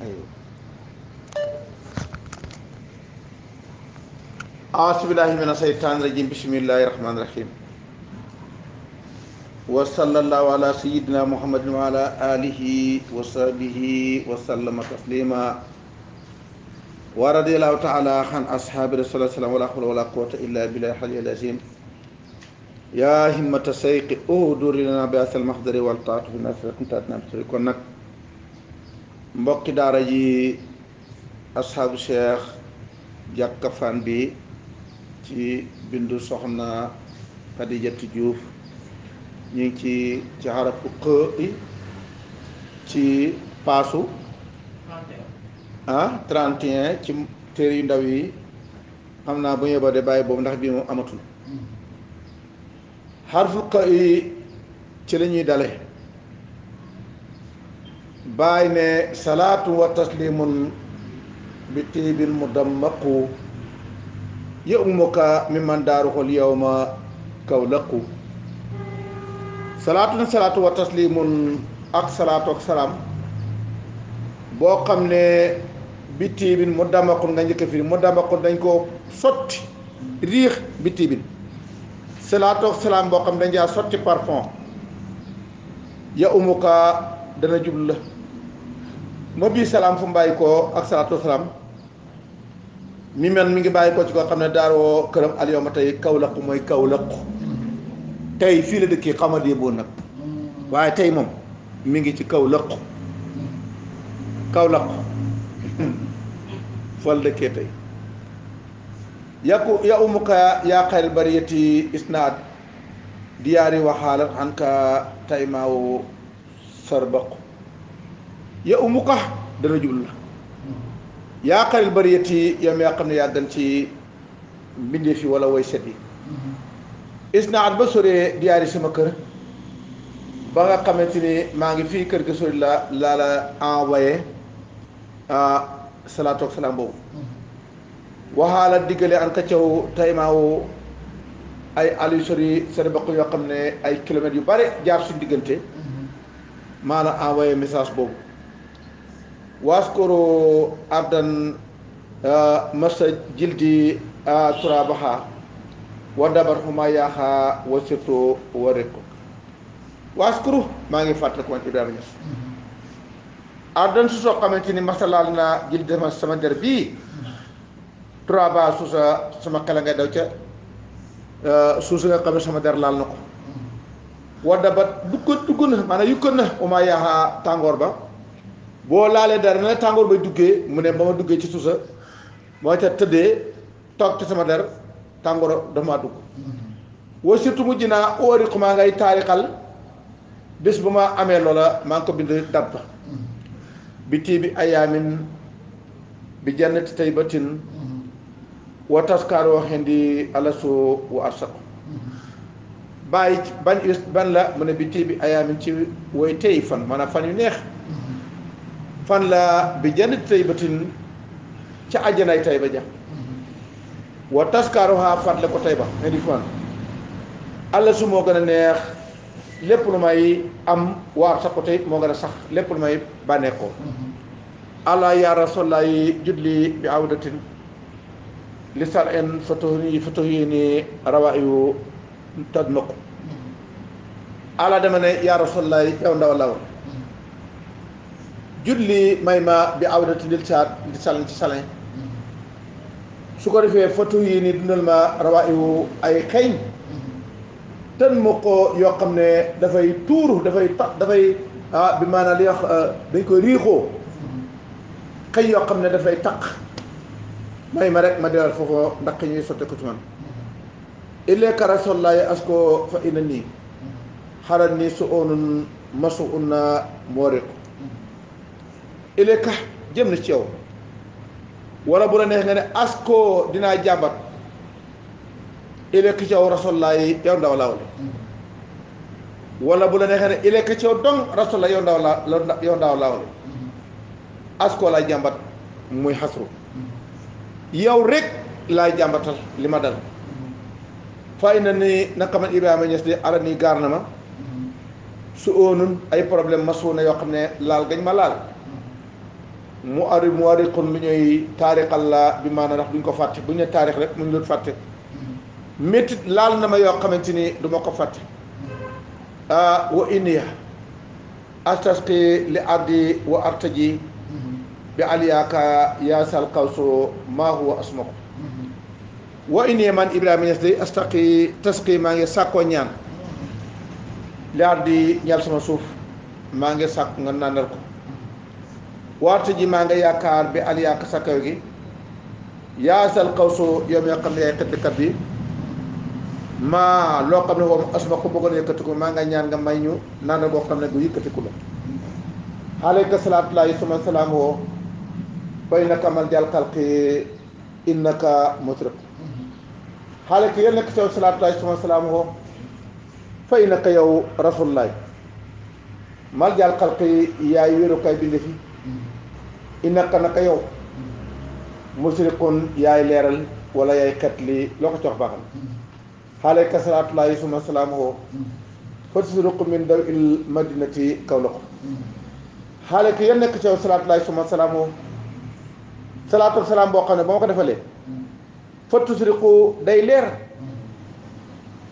أيوه. أعوذ بالله من الشيطان الرجيم بسم الله الرحمن الرحيم وصلى الله على سيدنا محمد وعلى آله وصحبه وسلم تسليما ورضي الله تعالى عن أصحاب رسول الله صلى الله عليه وسلم ولا قوة إلا بالله الحلي العظيم يا همة سيق اهدر لنا بأس المحضر والطاعة في الناس لكم تأتنا بسرك والنك mbokki daara ji ashaabu cheikh jàkkafaan bi ci bindu soxna Xadijatu Juuf ñu ci ci xarafu q i ci paasu ah 31 ci téer yu ndaw yi xam naa bu ñu yeboo de bàyyi boobu ndax bii moom amatul hmm. xarfu q i ci la ñuy dale bàyyi ne salaatu wa taslimun bi tiibin mu dammaqu yëumuka mi man daaruxul yowma kaw laqu salaatu na salaatu wa taslimun ak salaatu salaam boo xam ne bi tiibin mu dammaqun nga njëkk firi mu dammaqun dañ koo sotti riix bi tiibin salaam boo xam dañ jaa sotti parfum yëumuka dana jublu ma bii salaam fu mu bàyyi koo ak salaatu wasalaam mi men mi ngi bàyyi koo ci koo xam ne daaroo këram aliyom ma tey kawlaq mooy kawlaq tey fii la dëkkee a boo nag waaye tey moom mi ngi ci kawlaq kawlaq fal dëkkee tey yàqu ya umuka yaa xayral bariyati isnaad diyaari waxaalat xanka taymaawu sarbaqu ya umu ko dana jublu la yaa xaril bariyati yow yaa xam ne yaa gën ci mbindeef yi wala way set yi is naa at ba soree diyaari sama kër ba nga xamante ni maa ngi fii kër ga sori la laa la envoyé salaatu ak salaam boobu waxaala diggale an ka caw taymaawu ay ali sori sori bokk yoo xam ne ay kilomètres yu bare jaar suñ diggante mm-hmm. maa la envoyé message boobu waskoro ardan masa jildi a turabaha wadabar huma yaha wasirto wareko waskuru maa ngi fàttali ko man Ibrahima Niass su soo xamante ni masalaal na jildi sama der bii turaba suusa sama xel ngay daw ca suusa nga xam sama der laal na ko wadabat duggoon duggoon na maanaam yukkoon na uma yaha tàngoor ba boo laalee dara na tàngoor bay duggee mu ne ba ma duggee ci suusa mooy ca tëddee toog ci sama der tàngoor dafa maa dugg wa surtout mujj naa óoriqu maa ngay taarixal bés bu ma amee loola maa ngi ko bind dat ba bi tii bi ayaamin bi jannati tay batin wa taskaaroo xindi alaso wa arsako bàyyi ban ban la mu ne bi tii bi ayaamin ci woy tey fan maanaam fan yu neex fan la bi jannati taybatin ca àjjanay tayba ja wa taskaaruha fàttali ko tayba ne di fan àlla su moo gën a neex lépp lu may am waar sax ko tey moo gën a sax lépp lu may bànneex ko allah yaa rasulallahi julli bi awdatin li sar en fatuhi fatuhi ni rawaa yu toj ma ko allah ne yaa rasulallahi yow ndaw law julli may ma bi awdati dil saat di salin ci su ko defee fatu yii ni dundal ma rawaayu ay xeeñ tën ma yoo xam ne dafay tuuru dafay tax dafay ah, bi maanaam li wax ah, dañ koy riixoo xëy yoo xam ne dafay taq may ma rek ma delal foofu ndax xëy sotte ko ci man illee karasollaay asko fa ina nii xaral nii su oonun masu un na moo ilayka jëm na ci yow wala bu la neex nga ne asko dinaa jàmbat ilayka ci yow rasulullah yow ndaw laaw la bu la neexee ne ilayka ci yow dong rasulullah yow ndaw laa yow ndaw laaw la asko jàmbat muy xasru yow rek laay jàmbatal li ma dal fay na ni naka man Ibrahima Ñas de ala nii gaar na ma su óonun ay problème ma suuna yoo xam ne laal gañ ma laal mu ari mu ariqun lu ñuy taarixal la bi maanaam ndax duñ ko fàtte bu ñu taarix rek mu ñu doon fàtte métit laal na ma yoo xamante ni du ma ko fàtte mm-hmm. ah, wa iniya astasqi li ardi wa artaji mm-hmm. bi aliyaaka yaasal kawsu maa huwa asmako mm-hmm. wa iniya man ibrahima ñes day astaqi tasqi maa ngi sàkkoo ñaan li ardi ñal sama suuf maa ngi sàkk nga naanal ko wartu ji maa nga yaakaar bi al sa kaw gi yaasal xaw soo yow mi nga nga ñaan nga may xam ne bu yëkkatiku la alayka salaatullaahi suma salaam woo bay na kamal jàll xalqi innaka yow rasulullaay mal jàll xalqi yaay wéerukaay binde fi inaka naka yow musrikun yaay leeral wala yaay xet li loko ko jox baax na xaale la suma salaam ho fatisruq min daw il madinati kaw la ko xaale ki yan ci salat la suma salaam ho salatu salaam boo xane bamako ba ma ko day leer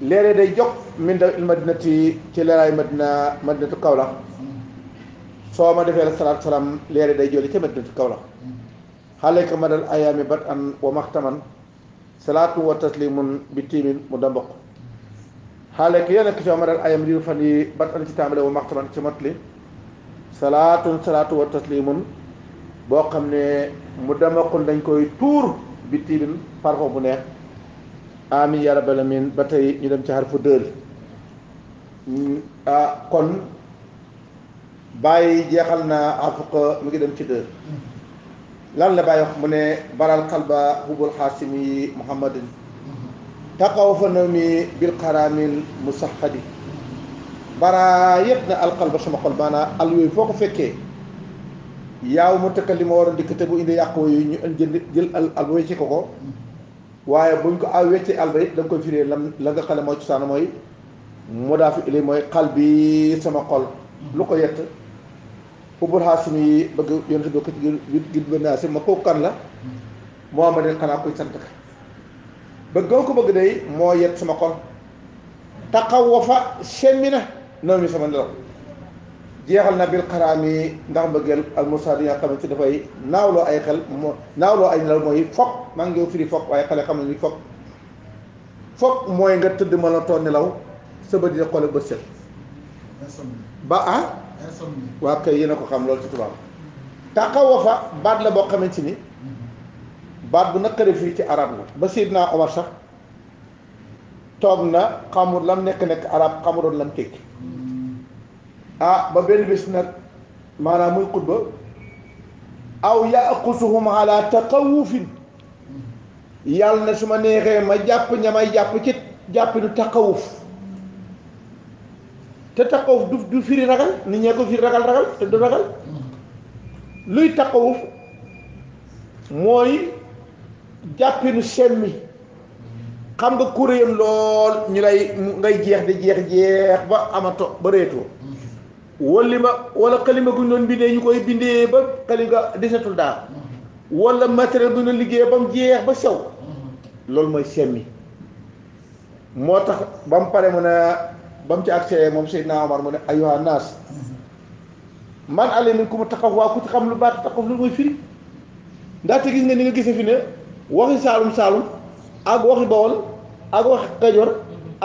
leere day jox min daw il madinati ci leray madina madinatu kawla la soo ma defee salaat salaam leeri day jolli ca Madinatu Kawlax xaaleyka madal ayaami bat an wa maxtaman salaatu wa taslimun bi tiimin mu dambok xaaleyka yéen ak soo madal ayaami diiru fan yi bat an ci tàmbale wa maxtaman ci matli salaatun salaatu wa taslimun boo xam ne mu dambokul dañ koy tuur bi tiimin parfum bu neex amin ya ba tey ñu dem ci xarfu dër mm, ah kon bàyyi jeexal na a mu ngi dem ci deux lan la bàyyi wax mu ne baral qalba hubul hasimi muhammadin taqaw fa nami bil xaraamin musahadi bara yebna al qalba sama xol maanaam al yooyu foko fekke yaaw mu tekkali mo ma waroon dikk bu indi yàq yu ñu jël al al wecce ci koko waye buñ ko aw wecce al bay da koy lam la nga xalé mo ci cosaanu moy moo ilay moy qalbi sama xol lu ko yett xubul xaasim yi bëgg yonent bi ko ci gid bënn xaasim ma kooku kan la muhammadin xanaa kuy sant ka bëggoo ko bëgg day moo yett sama xol taxaw wa fa semmi na noonu mi sama nelaw jeexal na biir xaraam yi ndax mbëggeel al mursaad yi nga xamante ci dafay naawloo ay xel moo naawloo ay nelaw mooy foog maa ngi firi foog waaye xale xam nañu foog foog mooy nga tëdd ma la toog nelaw sa bët di xoole bët set ba ah waa kay yéen ko xam loolu ci tubaab taqawafa baat la boo xamante ni baat bu naqari fii ci arab la ba naa Omar sax toog na xamul lam nekk-nekk arab xamuloon lam tekki ah ba benn bis nag maanaam muy xutba aw yaqusuhum ala taqawufin yàlla na su ma neexee ma jàpp ña may jàpp ci jàppinu taqawuf te taqawuf du du firi ragal nit ñee ko firi ragal ragal te du ragal luy taqawuf mooy jàppinu semmi xam nga kuréel lool ñu lay ngay jeex di jeex jeex ba amato ba reetoo walima wala xalima gu ñu doon bindee ñu koy bindee ba xaliga desetul daal wala matériel gu ñu doon liggéey ba mu jeex ba sew mm-hmm. loolu mooy semmi moo tax ba mu pare mu ne ba mu ci agsee moom Seydina Omar mu ne ayyuha naas man ale min ku mu taxaw waa ku xam lu baax taxaw lu mooy firi ndaxte gis nga ni nga gisee fi ne waxi saalum saalum ak waxi bawol ak waxi kajoor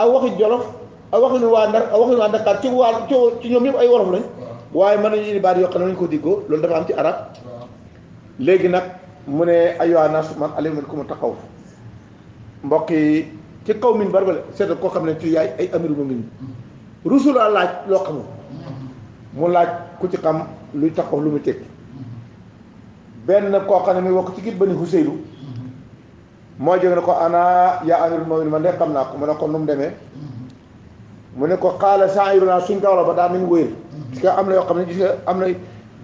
ak waxi jolof ak waxi waa ndar ak waxi waa ndakaar ci waa ci ñoom yëpp ay wolof lañ waaye mën nañu indi baat yoo xam ne ko diggoo loolu dafa am ci arab nag mu ne ayyuha naas man ale min ku mu taxaw mbokk yi ci kaw min barbale seetal koo xam ne ci yaay ay amiru mu ngi rusulaa laaj loo xamul mu laaj ku ci xam luy ko lu mu tekki benn koo xam ne muy wokk ci git ba ni Huseynu moo jóg ne ko ana yaa amirul mu'minin man xam naa ko mu ne ko nu mu demee mu ne ko xaala saa'iruna suñ gawlo ba daa nañ wóyal parce que am na yoo xam ne gis nga am na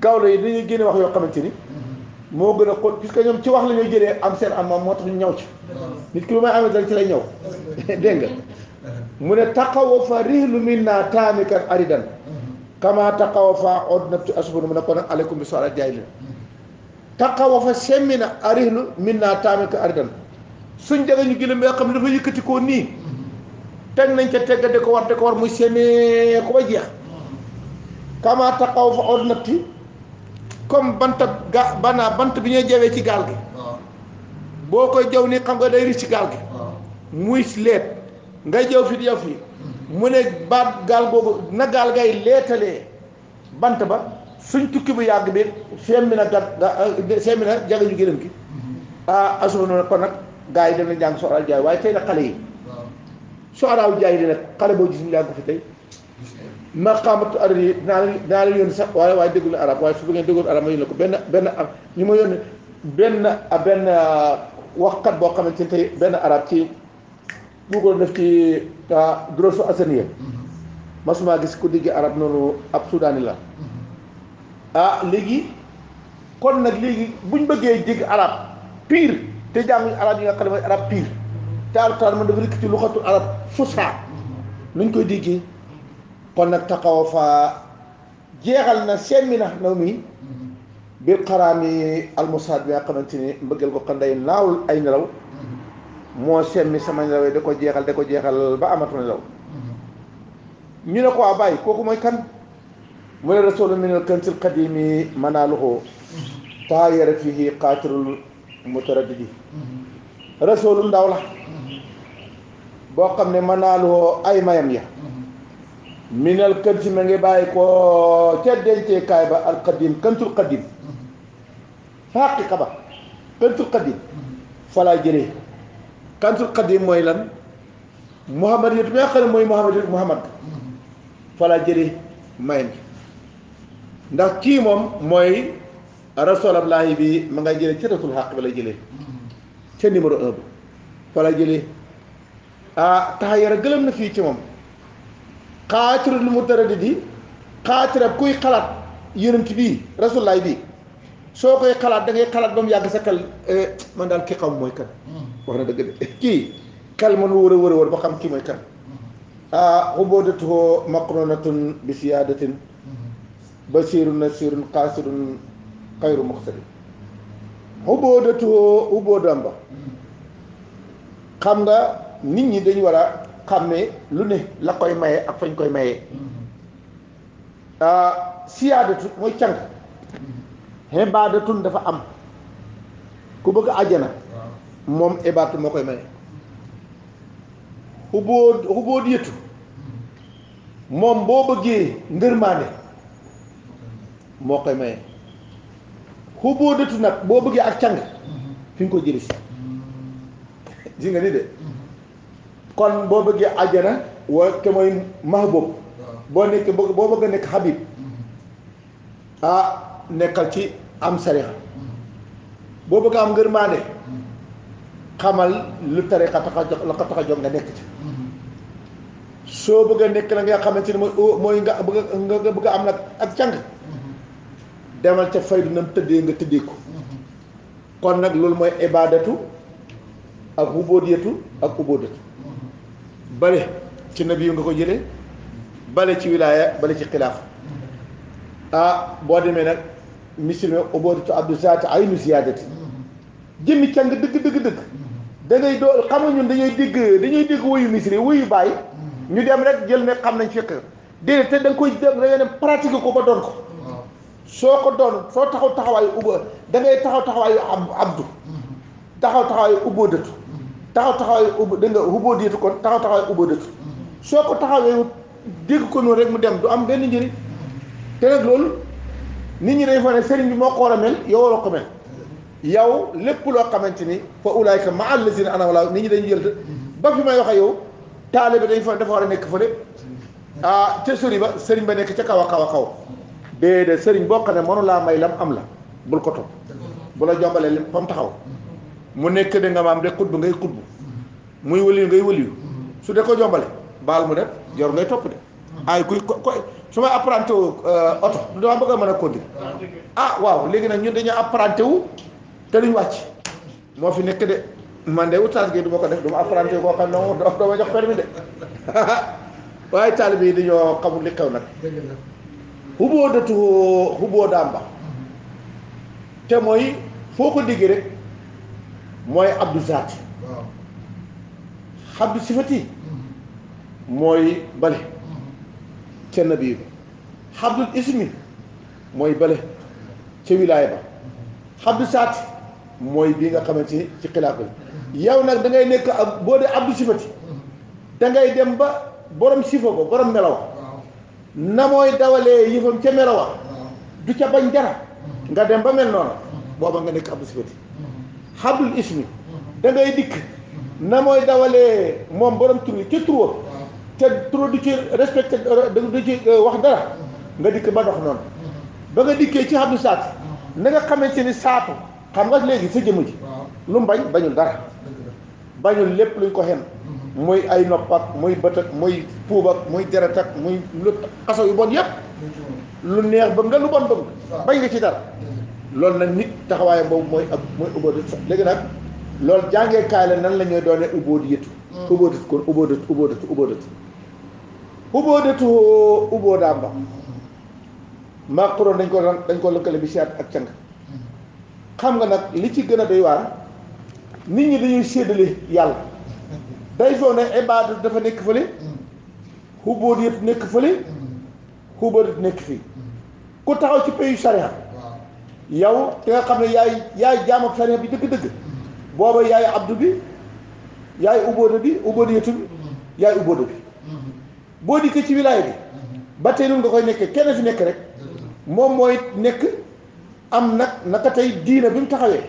gawlo yi dañuy génne wax yoo xamante ni moo gën a xóot puisque ñoom ci wax la ñuy jëlee am seen am maam moo tax ñu ñaw ci nit ki lu may amee dal ci lay ñëw dégg nga mu ne taqawa fa rihlu min naa taamikan aridan kama taqawa fa od nabti asubun mu ne ko nag aleykum bi soxla jaay li taqawa fa semmi na arihlu min naa taamikan aridan suñ dege ñu gëlëm yoo xam ne dafa yëkkati nii teg nañ ca tegga de ko war de ko war muy semmi ko ba jeex kama taqawa fa od comme bant ga banaa bant bi ñuy jawee ci gaal gi boo koy jaw ni xam nga day riis ci gaal gi muy leet nga jaw fi jaw fi mu ne baat gaal googu na gaal ngay leetalee bant ba suñ tukki bu yàgg bi semmi na gat semmi na gi ñu gërëm ki ah noonu kon nag gaa yi dem na soo soxoraal jaay waaye tey nag xale yi soxoraaw jaay yi nag xale boo gis ñu jàng ko fi tey maqaamatu ardi dinaa la dinaa la yónni sax waaye waaye déggul arab waaye su bëggee déggul arab ma yónni ko benn benn ab ñu ma yónni benn benn waxkat boo xamante ne tey benn arab ci bu ko def ci Grosso Asaniya mm-hmm. masuma gis ku digg arab noonu ab soudaani la mm-hmm. ah léegi kon nag léegi buñ bëggee dégg arab pire te jànguñ arab yi nga xam mooy arab pire te alxuraan man dafa rikk ci luxatul arab fusaa mm-hmm. nuñ koy déggee kon nag taxaw fa jeexal na semmi na naw mi biir xaraami almusaad bi nga xamante ni mbëggeel ko xanday naawul ay nelaw moo semmi sama nelaw yi da ko jeexal da ko jeexal ba amatu nelaw ñu ne ko waa bàyyi kooku mooy kan mu ne rasulu min al kansil qadimi manaaluhu taayara fihi qaatirul mutaraddidi rasulu ndaw la boo xam ne manaaluhu ay mayam ya minal kën si ma ngi bàyyi ko ca denceekaay ba alqadim këntul qadim xaqiqa ba këntul qadim falaa jëlee këntul qadim mooy lan muhammad yëpp nga xam ne mooy muhammad yëpp muhammad falaa jëlee may mi ndax kii moom mooy rasulallaahi bi ma ngay jële ca rasul xaq ba lay jëlee ca numéro un ba falaa jëlee ah taxa yara gëlëm na fii ci moom xaatirul mu dërëdi di xaatirab kuy xalaat yonent bii rasulaay bii soo koy xalaat da xalaat ba mu yàgg sa xel eh, man daal ki xam mooy kan wax na dëgg de kii xel man wër ba xam kii mooy kan ah xubóodatuhoo maqronatun bi siyaadatin basirun nasirun xaasirun xayru muxsarin xubóodatuhoo xubóodam ba xam nga nit ñi dañ war xam xàmmee lu ne la koy maye ak fañ koy maye mm-hmm. ah, siyaadatu mooy càng xibaadatun mm-hmm. dafa am ku bëgg àjjana moom ibaatu moo koy maye xuboo xuboo mm-hmm. moom boo bëggee ngërmaane moo koy maye xuboo dëtu nag boo bëggee ak càng fi nga ko jëli si nga ni de kon boo bëggee ajjana wa te mooy mahbub boo nekkee boo bëgg a nekk habib mm-hmm. ah nekkal ci am sarixa mm-hmm. boo bëgg am ngërmaande mm-hmm. xamal lu tarixa tax a jox la nga nekk ci soo bëgg a nekk la nga xamante ni mooy oh, mooy nga bëgg a am nag ak jàng demal ca fay nam tëddee nga tëddee ko kon nag loolu mooy ibadatu ak ubóodiyatu ak ubóodatu bale ci nabi nga ko jële bale ci wilaaya bale ci xilaaf ah boo demee nag misir me ubodatu abdu zaati aynu ziyaadati jëmmi càng dëgg dëgg dëgg da ngay doo xam nga ñun dañuy dégg dañuy dégg woyu misir woyu bàyyi ñu dem rek jël ne xam nañ fiq déedéet te da koy da ngay dem pratiquer ko ba doon ko soo ko doon soo taxaw taxawaayu uba da ngay taxaw taxawaayu abdu taxaw taxawaayu ubodatu taxaw taxawaayu ubba da nga huboo diitu kon taxaw taxawaayu ubba dëtu soo ko taxawee dégg ko noonu rek mu dem du am benn njëriñ te nag loolu nit ñi dañ fa ne sëriñ bi moo ko war a mel yow waroo mel yow lépp loo xamante ni fa ulaayka ma allazina anamala nit ñi dañu jël ba fi may wax ak yow taale bi dañ fa war a nekk fële ah ca sori ba sëriñ ba nekk ca kaw a kaw a kaw déedéet sëriñ boo xam ne mënu laa may lam am la bul ko topp bu la jombalee lim fa taxaw mu nekk de nga maam de xutbu ngay xutbu muy wëliyu ngay wëliyu su dee ko jombale baal mu def jor ngay topp de ay kuy koy su may apprenti wu euh, oto du dama bëgg a mën a conduire ah waaw léegi nag ñun dañoo apprenti wu te duñ wàcc moo fi nekk de man de oustaz gi du ma ko def du ma apprenti wu koo xam ne doo ma jox permis de waaye taalibe yi dañoo xamul li xew nag xuboo datu xuboo daamba te mooy foo ko digg rek mooy abdu zaati abdu sifati mm-hmm. mooy bale mm-hmm. ca nabi ba ismi mooy bale ca wilaaya ba mm-hmm. abdu zaati mooy bii nga xamante ci xilaafa bi yow nag dangay nekk ab boo dee abdu sifati da dem ba borom sifa ba borom melawa na mooy dawalee yëfam ca melawa du ca bañ dara nga dem ba mel noonu booba nga nekk abdu sifati xaddul ismi da ngay dikk na mooy dawalee moom borom tur wi ca turam te tur du ci respecté du ci euh, wax dara nga dikk ba dox noonu ba nga dikkee ci xaddu saat na nga xamante ni saatu xam nga léegi sa jëmm ji lu mbañ bañul dara bañul lépp luñ ko xen muy ay nopp ak muy bët ak muy puub ak muy deret ak muy lu xasaw yu bon yëpp lu neex bëgg nga lu bon bëgg bañ nga ci dara loolu nag nit taxawaayam boobu mooy ak mooy ubboodatu sax léegi nag loolu jàngeekaay la nan la ñuy doonee ubboodi yëtu mm. ubboodatu kon ubboodatu ubboodatu ubboodatu ubboodatu ubboodaam ba maakuroon dañ ko dañ ko lëkkale bi siyaat ak càng xam nga nag li ci gën a doy waar nit ñi dañuy séddale yàlla day foog ne ibaada dafa nekk fële ubboodi yëpp nekk fële mm. ubboodatu nekk fii ku taxaw ci pays charia yow te nga xam ne yaay yaay jaam ak bi dëgg-dëgg booba yaay abdu bi yaay ubooda bi uboodiyatu bi yaay ubooda bi boo dikkee ci wilaaya bi ba tey noonu nga koy nekkee kenn fi nekk rek moom mooy nekk am nag naka tey diina bi mu taxawee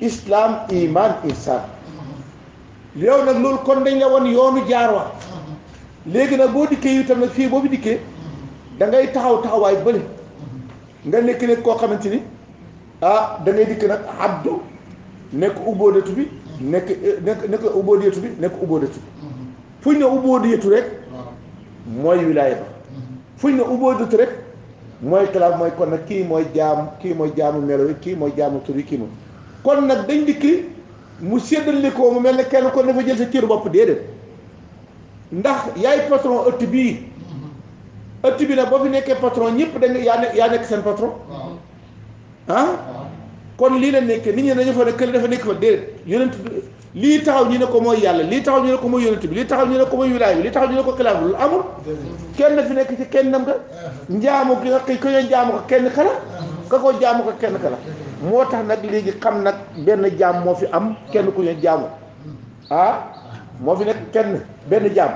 islaam iman insaan yow nag loolu kon dañ la wan yoonu jaar wa léegi nag boo dikkee itam nag fii boobu dikkee dangay taxaw taxawaay bële nga nekk ne koo xamante ni ah dikk nag abdu nekk ubboodatu bi nekk nekk nekk ubboodiyatu bi nekk ubboodatu bi fu ñu ne ubboodiyatu rek mooy wilaaya ba fu ñu ne ubboodatu rek mooy kalaam mooy kon nag kii mooy jaam kii mooy jaamu melo kii mooy jaamu tur yi kii mooy kon nag dañ dikki mu séddale ko mu mel ne kenn ko dafa jël sa cër bopp déedéet ndax yaay patron ëtt bii ëtt bi nag boo fi nekkee patron ñëpp dañ yaa yaa nekk seen patron ah kon lii la nekkee nit ñi dañu fa ne dafa nekk fa déedéet bi lii taxaw ñu ne ko mooy yàlla lii taxaw ñu ne ko mooy yonent bi lii taxaw ñu ne ko mooy wilaay bi lii taxaw ñu ne ko xilaaf lu amul kenn fi nekk ci kenn nam nga njaamu gi nga ko ñoo jaamu ko kenn ka ko jaamu ko kenn kala moo tax nag léegi xam nag benn jaam moo fi am kenn ku ñoo jaamu ah? moo fi nekk kenn benn jaam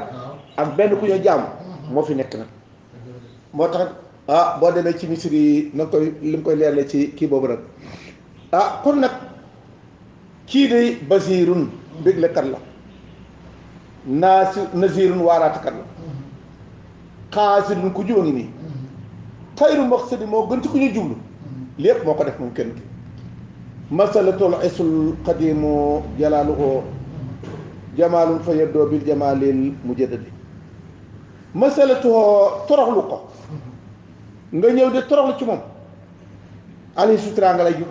ak benn ku ñoo jaamu moo fi nekk na moo tax ah boo demee ci misir yi na koy li nga koy leerle ci kii boobu nag ah kon nag kii day basirun béglekat la naasi nasirun waaraatakat la xaasidun ku juba ngi nii xayru maqsadi moo gën ci ku ñu jublu lépp moo ko def moom kenn ki masalatul isul qadimu jalaaluhu jamaalun fa yeddoo bil jamaalil mujaddadi masalatuhu toroxlu ko nga ñëw di toroxlu ci moom ali sutura nga lay jur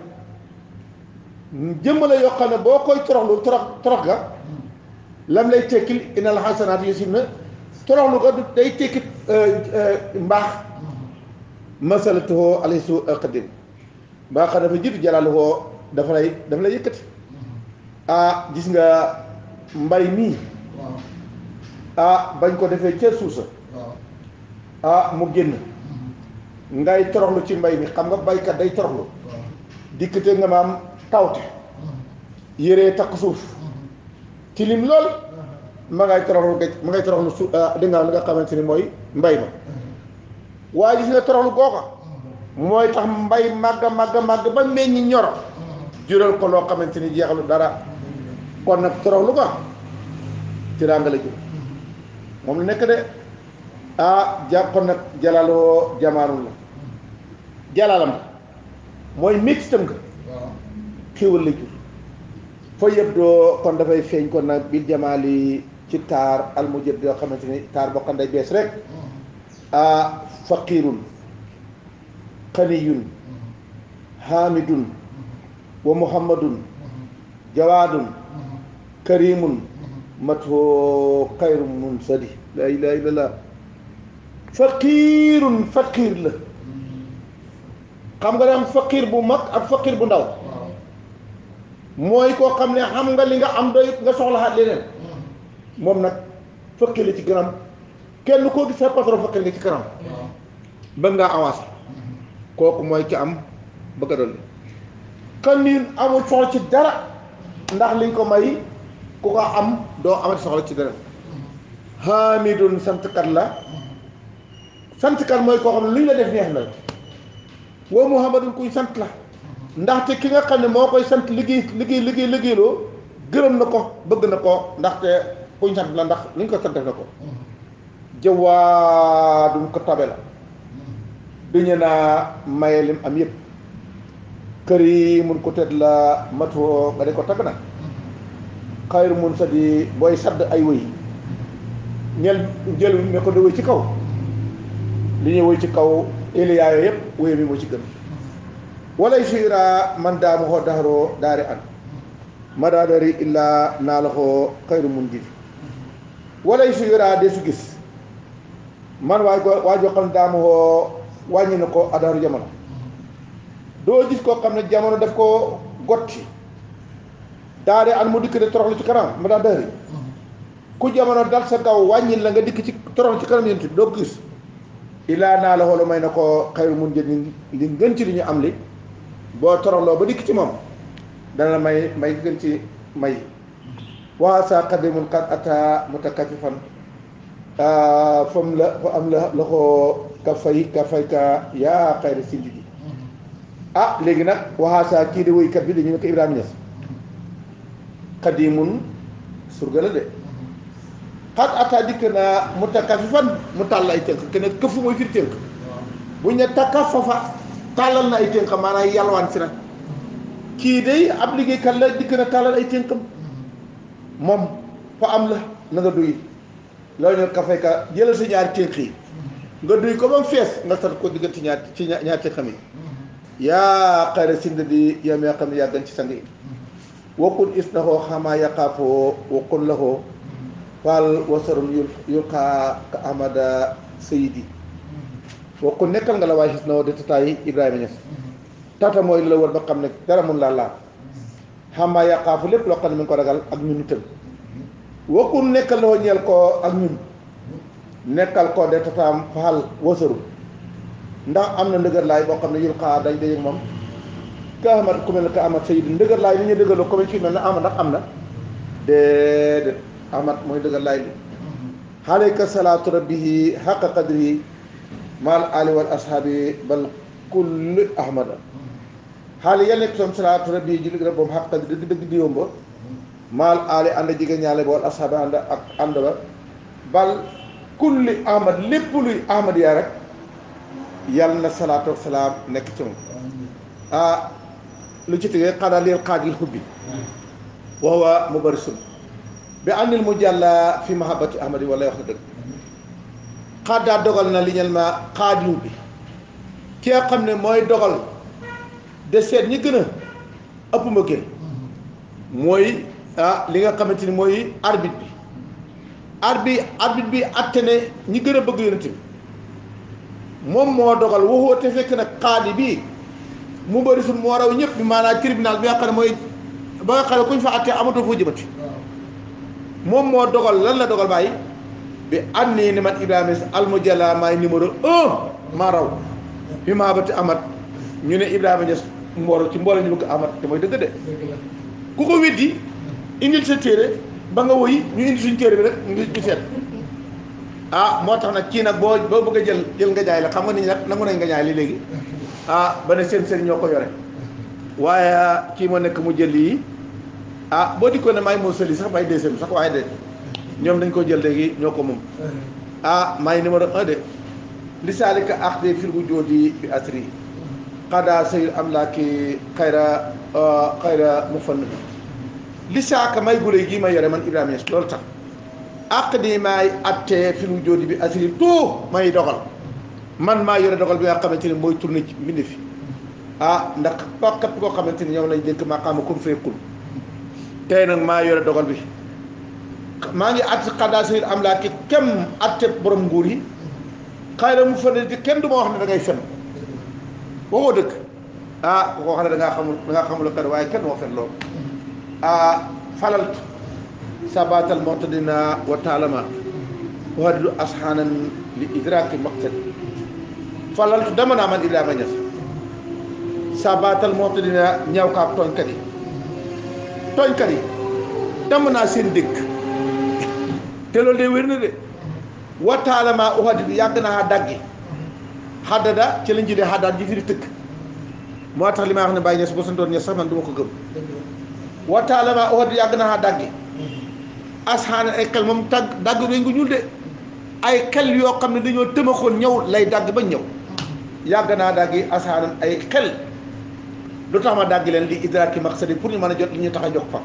jëmm la yoo xam ne boo koy toroxlu torox torox ga lam lay tekkil inal xasanaat yusim na toroxlu ga day tekki euh, euh, mbaax masalatuhoo alisu qadim mbaax dafa jiitu jalaaluhoo dafa lay dafa lay yëkkati mm-hmm. ah, gis nga mbay mii ah bañ ko defee cër suusa ah mu génn ngay toroxlu ci mbay mi xam nga baykat day toroxlu dikkate nga am tawte yëree takk suuf tilim lool ma ngay toroxlu géej ma ngay toroxlu suuf ah, di nga li nga xamante ni mooy mbay ma waaye gis nga toroxlu googa mooy tax mbay màgg màgg màgg ba meññi ñor jural ko loo xamante ni jeexalu dara kon nag toroxlu ko ci ràngale jur moom la nekk de ah jàppoon nag jalaloo jamaanu la jalalam mooy mixtam nga xéwal la jur fa yëpp doo kon dafay feeñ kon nag bil jamaali ci taar al mu jëb yoo xamante ni taar bokkan day bees rek ah faqirun xaniyun hamidun wa muhammadun jawaadun karimun matoo xayru mun sadi la ilaha illallah Fakirun fakir, la xam nga am fakir bu mag ak faqir bu ndaw mooy koo xam ne xam nga li nga am doy nga soxlaxaat leneen moom nag faqir la ci kanam kenn koo gis sa patron faqir nga ci am bëgg a dolli xaniin amul soxla ci dara ndax liñ ko may ku ko am do amati soxla ci dara hamidun santkat la sant kan mooy koo xam ne lu ñu la def neex na la woo Muhammadun kuy sant la ndaxte ki nga xam ne moo koy sant liggéey liggéey liggéey liggéeyloo gërëm na ko bëgg na ko ndaxte kuñ sant la ndax lu ñu ko sant def na ko jawaadum ko tabe la lim am yëpp kër yi mun ko tedd la ko tagg na xayru mun sa di booy sadd ay wëy ñel jël ne ko di wëy ci kaw li ñuy woy ci kaw Eliya yooyu yëpp woy bi ci gën walay suira man daamu xoo daxaroo daari an madaadari illaa naa la xoo xayru mun jif walay suira de su gis man waay ko waa joo xam ne daamu xoo wàññi na ko adaru jamono gis koo xam ne jamono daf ko gotti an mu dikk toroxlu ci kanam madaadari mm-hmm. ku jamono dal sa kaw wàññin la nga dikk ci toroxlu ci kanam yéen doo gis illaa naa la xoolu may na ko xayru mun jët li gën ci li ñu am li boo toroxloo ba dikk ci moom dana la may may gën ci may waa sa qadimun qad ata mutakafifan ah, fam la fa am la la ko ka fay ka yaa xayri si ndigi ah léegi nag waxaa kii de woykat bi dañu ne ko Ibrahima Niass qadimun surga la de xat ataa dikk naa mu takkafifan mu tàll ay tënk keneen këfu mooy firi tënk bu ñu ne takkafafa tàllal na ay tënk maanaam yalwaan si na kii day ab liggéeykat la dikk na tàllal ay tënkam moom fa am la na nga duy loolu ne kafay ka jëlal sa ñaari tënk yi nga duy ko ba mu fees nga sat ko diggante ñaar ci ñaar tënkam yi yaa xayra sind di yaa xam ne yaa gën ci sang yi wakkun is na xoo xamaa yaqaafoo wakkun la xoo faal wasarun yulqaa ka ahmada sayidi boo mm-hmm. nekkal nga la waaye xis na woo de tataay ibrahima ñes mm-hmm. tata mooy la wër ba xam ne dara mun laa laal mm-hmm. xamaa yàqaafu lépp loo xam ne mi ko ragal ak ñun itam woo ko nekkal na woo ñeel ko ak ñun nekkal ko de tataam faal wasaru ndax am na ndëgër laay boo xam ne yulqaa dañ dajeek moom ka ahmad ku mel ne ka ahmad sayidi ndëgër laay ni ñu dëgërloo comme ci mel ne ama ndax am na déedéet ahmad mooy dëggal laylu alayka salaatu rabbihi xaqa qadrihi maal ali wal ashaabi bal kulli ahmada xaali yal nekk soom salaatu rabbi yi julli rabbam xaq qadri dëgg dëgg diwom ba maal ali ànd jigéen ñaale ba wal ashaabi ànd ak ànd ba bal kulli ahmad lépp luy ahmad yaa rek yal na salaatu salaam nekk ci moom ah lu ci tëgee xanaa leel xaajil xubbi wa huwa mubarisun bi àndil mu jàlla fi mahabbati ahmadi wala wax na dëgg xaat daa dogal na li ñel ma xaadiw bi ki nga xam ne mooy dogal de seet ñi gën a ëpp mbëggeel mooy li nga xamante ni mooy arbitre bi arbi arbitre bi atte ne ñi gën a bëgg yonent moom moo dogal waxoo fekk nag xaadi bi mu bëri sun ñëpp bi maanaam tribunal nga xam ne mooy ba nga xam ne kuñ fa attee amatoo foo jëmati moom moo dogal lan la dogal bàyyi bi am nii ni man Ibrahima almujalla maay numéro un maa raw fi maa bati amat ñu ne Ibrahima Niass mbooro ci mboolo ñu bëgg amat te mooy dëgg de ku ko weddi indil sa téere ba nga woy ñu indi suñu téere bi rek ñu seet ah moo tax nag kii nag boo boo bëgg jël jël nga jaay la xam nga nit ñi nag nangu nañ nga jaay li léegi ah ba ne seen seen ñoo ko yore waaye kii moo nekk mu jël lii ah boo dikkoon ne may moo sëli sax may deuxième sax waaye de ñoom dañ ko jël léegi ñoo ko moom ah maay numéro un de li saalika axde firgu joodi bi asri xada sayul am laa ki xayra xayra euh, mu fann bi may guley gii may yore man Ibrahima Niass loolu tax àq ni maay attee firgu joodi bi asri tout may dogal man maa yore dogal bi nga xamante ni mooy tourné ci mbindi fi ah, ndax ba képp koo xamante ni ñoom lañ dénk maa xaama kon fekkul tey nag maa yore dogal bi maa ngi at xadaasiril amlaaki kem atte borom nguur yi xay mu fële ci kenn du ma wax ne dangay ngay fen waxoo dëkk ah koo xam ne da ngaa xamul da ngaa xamul waaye kenn moo fen loolu ah falal sabatal moxtadina wa taalama waxadilu asxaanan li idraki maqtad falal dama naa man Ibrahima Ñas sabatal moxtadina ñaw kaab tooñkat yi tooñkat yi damm naa seen dëkk te loolu de wér na de wataalamaa uhadit yàgg naa daggi xaddada ci lañ jëlee xaddaat ji firi tëkk moo tax li may wax ne bàyyi ñes boo santoon ñes sax man du ko gëm wataalamaa uhadit yàgg naa daggi asxaana ay xel moom tàgg dagg dañ ko ñuul de ay xel yoo xam ne dañoo tëmaxoon ñëw lay dagg ba ñëw yàgg naa daggi asxaana ay xel lu tax ma dàgg leen li idraaki maqsadi pour ñu mën a jot li ñu tax a jóg fa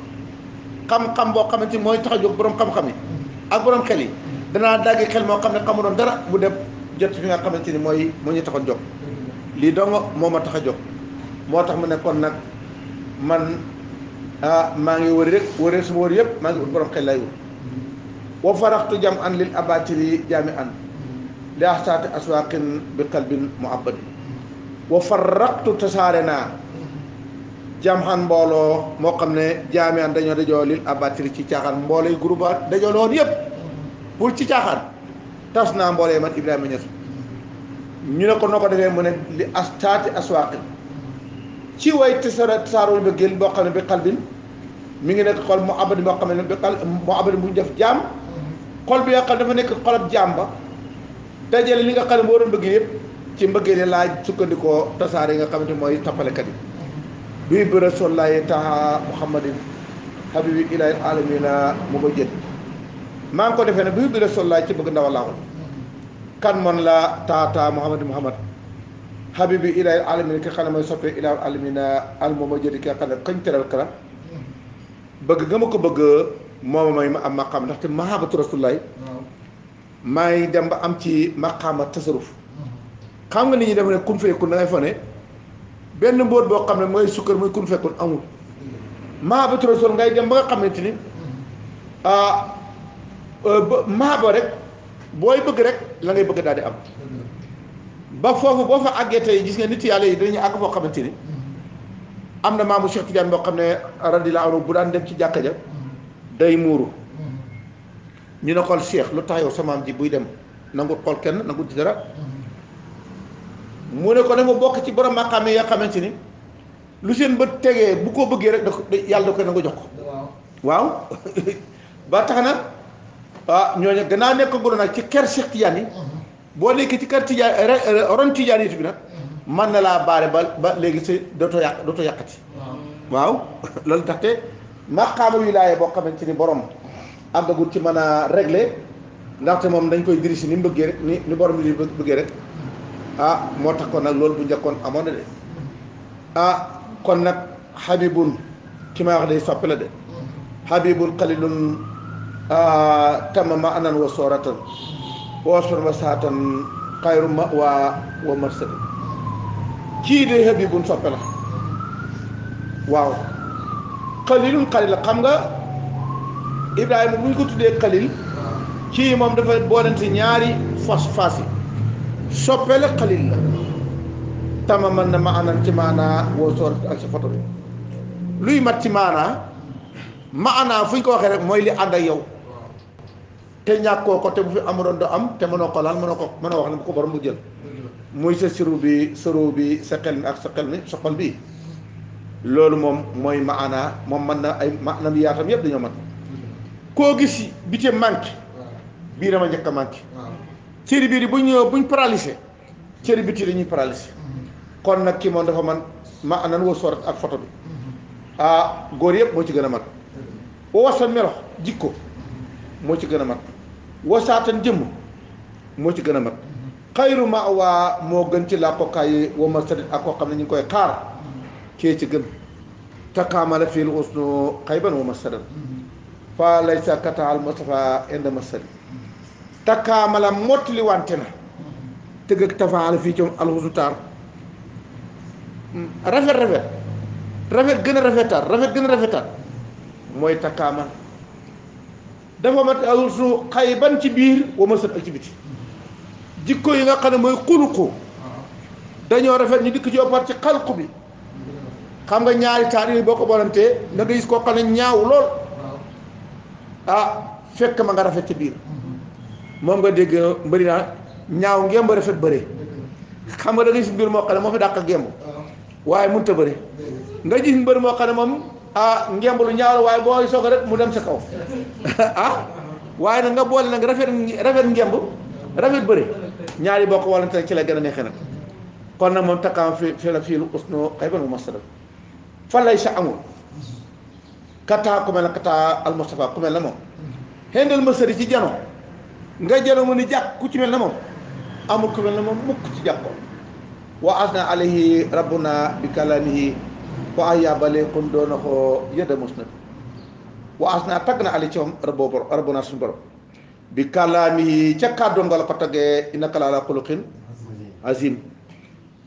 xam kam boo xamante mooy tax a jóg borom xam-xam yi ak borom xel yi danaa dàggi xel moo xam ne xamu doon dara bu dem jot fi nga xamante ni mooy moo ñu tax a jóg lii dong moo ma tax a jóg moo tax mu ne nag man maa ngi wër rek soo suma wër yëpp maa ngi wut borom xel lay wut wa faraxtu jam an lil abatiri jaami an li axtaati aswaaqin bi qalbin muabbadi wa farraqtu tasaare naa jam xan mbooloo moo xam ne jaami dañoo dajoo lil abatiri ci caaxaan mboolooy groupe dajaloon yëpp pour ci caaxaan tas naa mboolee man Ibrahima Niass ñu ne ko noo ko defee mu ne li as taati aswaaqin ci way tasaare tasaaroo ba gën boo xam ne bi xalbin mu ngi nekk xol mu abadi boo xam ne bi xal mu abadi bu ñu def jaam xol bi nga xam dafa nekk xolab jaam ba dajale li nga xam ne moo doon bëgg yëpp ci mbëggee laa sukkandikoo tasaare yi nga xamante mooy yi. بيب رسول الله تعالى محمد حبيب إلى العالمين مبجد ما نكون فينا بيب رسول الله تبقى نوالا كان من لا تعطى محمد محمد حبيب إلى العالمين كخلما يصفي إلى العالمين المبجد كخلما كنتر الكلام bëgg nga ma ko bëgg moom mooy ma am maqaama ndaxte mahabatu rasulullahi maa ngi dem ba am ci maqaama tasaruf xam nga nit ñi def ne kun fayekun da ngay fa ne benn mbóot boo xam ne mooy sukkar muy kun fekkul amul maa ba trop sol ngay dem ba nga xamante ni ah, euh, maa ba rek booy bëgg rek la ngay bëgg daal di am ba foofu boo fa àggee tey gis nga nit yàlla yi dañuy àgg foo xamante ni am na maamu Cheikh Tidiane boo xam ne radiyallaahu anhu bu daan dem ci jàkka ja day muuru ñu ne xool Cheikh lu tax yow sa maam ji buy dem nangu xool kenn nangu ci dara mu ne ko dafa bokk ci borom maqaam yi nga xamante ni lu seen bët tegee bu ko bëggee rek da ko yàlla da ko jox ko waaw ba tax na ah ñooñu gannaaw nekk golo nag ci ker Cheikh Tidiane yi mhm. boo nekkee ci ker Tidiane ron Tidiane yi bi nag mhm. mën na laa baare ba ba léegi si dootoo yàq dootoo yàqati waaw loolu taxte maqaama wilaaya boo xamante ni borom àggagul ci mën a régler ndaxte moom dañ koy diri si ni mu bëggee rek ni ni borom bi bëggee rek ah moo tax kon nag loolu bu njëkkoon amoon de ah kon nag xabibun ki may wax day soppe la de xabibun xalilun ah, tama ma anan wa sooratan woosfan wa saatan xayru ma waa wa marsadi kii de xabibun soppe la waaw xalilun xalil la xam nga ibrahima bu ñu ko tuddee xalil kii moom dafa boolante ñaari fas fas yi soppe la xalil la tamaman na maanaan ci maanaa woo soor ak si foto bi luy mat ci maanaa maanaa fu ñu ko waxee rek mooy li ànd ak yow te ñàkkoo ko te bu fi amuloon do am te mënoo ko laal mënoo ko mën a wax ne bu ko borom mu jël muy sa siru bi soro bi sa xel ak sa xel bi loolu moom mooy maanaa moom mën na ay maanam yaatam yëpp dañoo mat koo gis bi te manqué bii dama njëkk a manqué cëri biir yi bu ñëw buñ paralysé cëri biti dañuy paralysé kon nag kii moom dafa man ma anan woo sorat ak photo bi góor yëpp moo ci gën a mat wa wasan melox jikko moo ci gën a mat wasaatan jëmm moo ci gën a mat xayru ma waa moo gën ci làkkokaay wa ma sadit ak koo xam ne ñu ngi koy xaar kee ci gën takaamala fiil usnu xayban wa ma sadan fa sa kataal mustafa inda ma sadit takkaamala mottali wante na tëgg ak tafaala fii coom alxusutaar rafet rafet rafet gën a rafetaat rafet gën a rafetaat mooy takkaamal dafa mat alxusu xay ban ci biir wa ma sën ak ci biti jikko yi nga xam ne mooy xuluqu dañoo rafet ñu dikk ci opar ci xalqu bi xam nga ñaari taar yooyu boo ko bolantee da nga gis koo xam ne ñaaw lool ah fekk ma nga rafet ci biir moom nga dégg mbëri naa ñaaw ngemb rafet bëre xam nga da nga gis mbir moo xam ne moo fi dàq ngemb waaye mënut a bëre nga gis mbër moo xam ne moom ah ngemb lu ñaaw la waaye boo soog rek mu dem sa kaw ah waaye nag nga boole nag rafet rafet ngemb rafet bëre ñaari bokk walante nag ci la gën a neexee nag kon nag moom takkaam fi fi la fii lu usno xëy ba mu mastara fan lay sa amul kattaa ku mel ne kattaa al Mustafa ku mel ne moom ci jano nga jëla jàkk ku ci mel na moom amul ku mel na moom mukk ci jàkko wa asna alayhi rabbuna bi kalamihi wa ayabale kon doona ko yëdda mos na wa asna tagg na ali ci moom rabbo borom rabbuna suñu borom bi kalamihi ca kàddoom nga la ko taggee innaka la ala xuluqin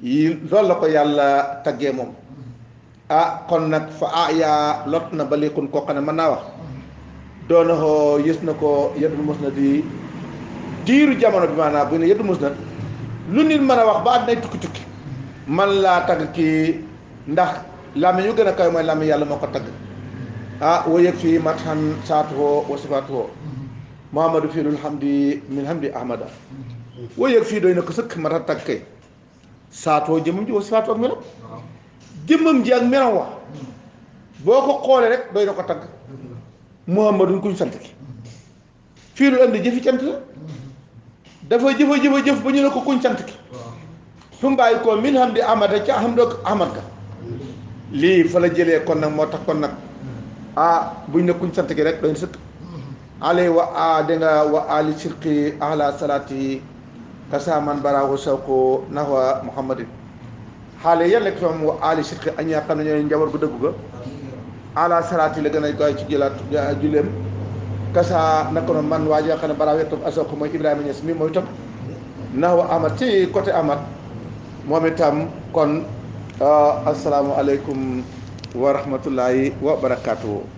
yi loolu la ko yàlla taggee moom ah kon nag fa aya lot na ba léekun koo xam ne naa wax doona ko yës na ko yëdda mos na di diiru jamono bi maanaam bu ne yëddu mus na lu nit mën a wax ba day tukki tukki man laa tagg ki ndax lami yu gën a kaw mooy làmmiñ yàlla moo ko tagg ah wa yëg fii matxan saatuhoo wa sifaatuhoo muhammadu fi lul hamdi min hamdi ahmada wa yëg fii doy na ko sëkk mata tagg kay saatuhoo jëmmam ji wa sifaatuhoo ak melam jëmam ji ak melam wax boo ko xoolee rek doy na ko tagg muhammadun kuñ sant ki fii lu andi jëfi cant la dafa jëfa jëfa jëf ba ñu ne ko kuñ sant ki fu ko min xam di ahmada ci xam doog ahmad ga lii fa la jëlee kon nag moo tax kon nag hmm. ah buñ ne kuñ sant ki rek doon sëkk hmm. alay wa a da nga wa ali sirqi ahla salaati kasaman baraahu sawko nahwa muhammadin xaale yan lekk soom wa ali sirqi añ yaa xam ne ñooy njaboot gu dëggu ga hmm. ala salaati la gën a gaay julleem tasa naka man waa ji nga ne balaa wetu asooku mooy Ibrahima Niass mi mooy itam naxwa amat ci côté amat moom itam kon euh, asalaamualeykum wa rahmatullahi wa barakaatu.